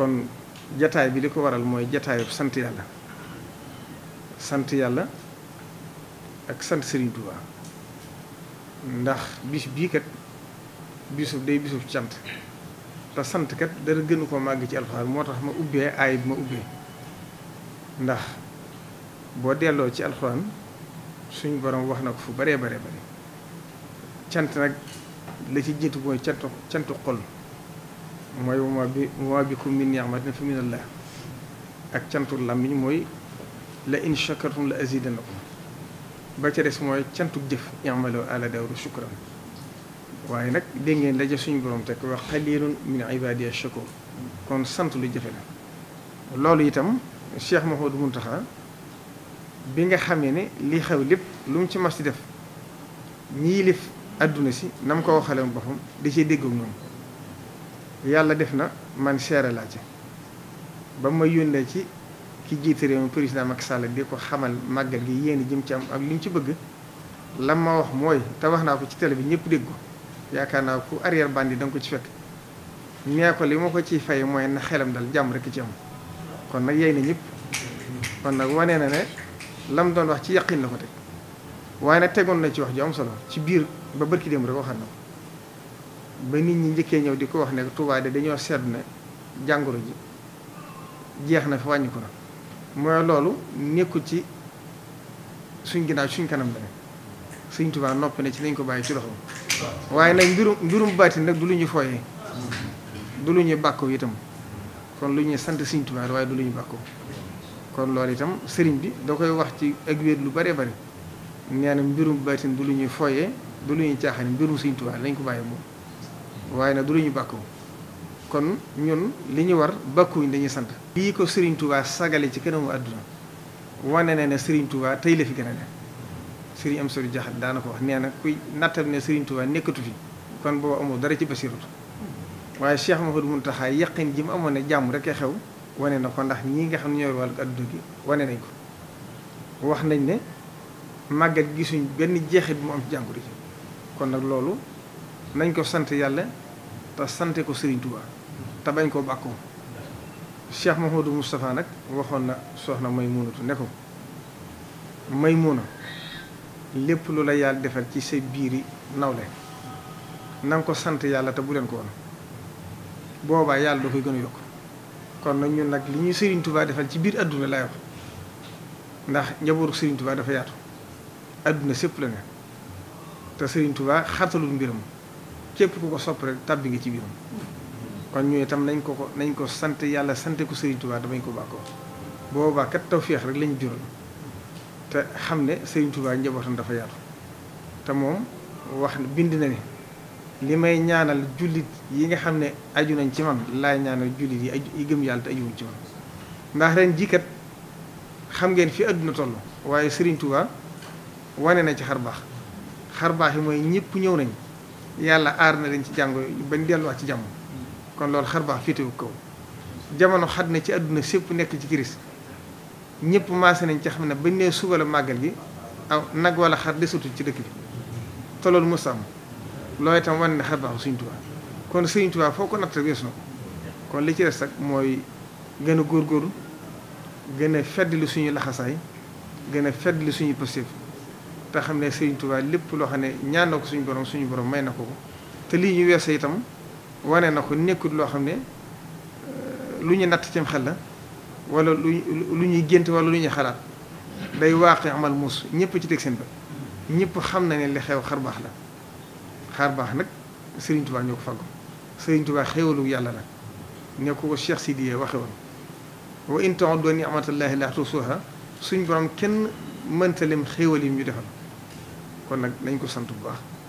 kon jataay bi di ko waral mooy jataayu sant yàlla sant yàlla ak sant Serigne Touba ndax bis bii kat bisub day bisu cant te sant kat dara gënu ko màgg ci alxuraan moo tax ma ubbee aay bi ma ubbee ndax boo delloo ci alxuraan suñu boroom wax na ko fu baree bare bare cant nag la ci jiitu mooy cantu cantu xol mooy bi wa ma bikum min ni'matin fa min allah ak cantul làmmiñ mooy la in shakartum la azidannakum ba ca des mooy cantuk jëf i'malu ala daawuda shukran waaye nag dégg ngeen daje suñu borom teg wax qalilun min ibadiya shakur kon sant lu jëfe la loolu itam Cheikh Mouhamadou Mountakha bi nga xamee ne li xew lépp lu mu ci mas di def ñii lif àdduna si na mu ko waxale boppam da cee déggoog ñoom yàlla def na man seere laa ci ba ma yónnee ci ki jiite réew mi président Macky Sall di ko xamal màggal gi yéen jëm ci am ak li ñu ci bëgg la ma wax mooy te naa ko ci télé bi ñëpp dégg yaakaar naa ku arrière bandi da nga ko ci fekk nee li ma ko ciy fay mooy na xelam dal jàmm rek ci am kon nag yey na ñëpp kon nag wanee na ne lam doon wax ci yaqin la ko teg waaye nag tegoon na ci wax ju solo ci biir ba bërki démb rek waxaat na ko ba nit ñi njëkkee ñëw di ko wax ne Touba de dañoo sedd na jàngoro ji jeex na fi wàññiku ko na mooy loolu nekkul ci suñ ginnaaw suñ kanam la ne suñ Touba noppi na ci nañ ko bàyyi ci loxo waaye nag mbirum mbirum baatin nag du lu ñu fooyee du ñuy bàkkoo itam kon lu ñuy sant suñ Touba waaye du lu ñu bàkkoo kon loolu itam sëriñ bi da koy wax ci ak lu bare bari nee na mbirum baatin du lu ñuy fooyee du lu ñuy caaxaan mbirum suñ Touba lañ ko bàyyi moom waaye nag du lu ñu kon ñun li ñu war bàkkuñ dañuy sant lii ko sëriñ Touba sagale ci kanamu àdduna wane ne ne Serigne Touba tey la fi gën a ne Serigne Amsatou Diakhate daana ko wax nee na kuy nattab ne Serigne nekkatu fi kon boobu amul dara ci basiratu waaye Cheikh Mouhamadou Mountakha yaqin ji mu amoon ne jàmm rek a xew wane na ko ndax ñi nga xam ne ñooy wàllu àdduna gi wane nañ ko wax nañ ne màggat gisuñ benn jeexit mu am ci jàngoro kon nag loolu nañ ko sant yàlla te sante ko Serigne Touba tabañ bañ koo bàkkoo Cheikh Mouhamadou Moustapha nag waxoon na soxna Maymunatu ne may Maymuna lépp lu la yàlla defal ci sa biiri nawle na nga ko sant yàlla te bu leen ko woon boobaa yàlla doo koy gën a yokk kon nag ñun nag li ñuy Serigne Touba defal ci biir àdduna lay wax ndax njabootu Serigne Touba dafa yaatu adduna sépp la ne te Serigne Touba xatalul mbiram. képp ku ko sopp rek tàbbi nga ci biiram kon ñoo itam nañ ko ko nañ ko sant yàlla sante ko Serigne Touba damañ ko bàkkoo boobaa kat tawféex rek lañ jural te xam ne Serigne Touba dafa yaatu te moom wax bind na ne li may ñaanal jullit yi nga xam ne aju nañ ci man laay ñaanal jullit yi aju yi gëm yàlla te ajuwuñ ci man ndax ren jii kat xam ngeen fi àdduna toll waaye Serigne Touba wane na ci xar baax xar baax yi mooy ñëpp ñëw nañ. yàlla aar na dañ ci jàngoro bañ delluwaat ci jàmm kon loolu xar baax féetewu kaw jamono xat na ci àdduna sépp nekk ci crise ñëpp maase nañ ci xam ne bañ nee suba la màggal gi aw nag wala xar desatul ci dëkk bi te loolu mos am loolu itam wane ne xar baaxu Sëriñ Tuubaa kon suñu Tuubaa foo ko natt weesu na kon li ci des mooy gën a góor gën a feddli suñu laxasaay gën a feddli suñu positif te xam ne Serigne Touba lépp loo xam ne ñaan ko suñu borom suñu borom may na ko ko te lii ñu weer weesoo itam wane na ko nekkul loo xam ne euh, lu ñu natt cim xel la wala lu lu ñuy gént wala lu ñuy xalaat day waaqi amal muus ñëpp ci teg seen ba ñëpp xam na ne li xew xar baax la xaar baax nag Serigne Touba ñoo ko faggu Serigne Touba xéwalu yàlla la ne ko Cheikh Sidiye waxe woon wa in ta'uddu ni'matallahi la tuhsuha suñu borom kenn mënta lim xéewal yi ñu defal kon nag nañ ko sant bu baax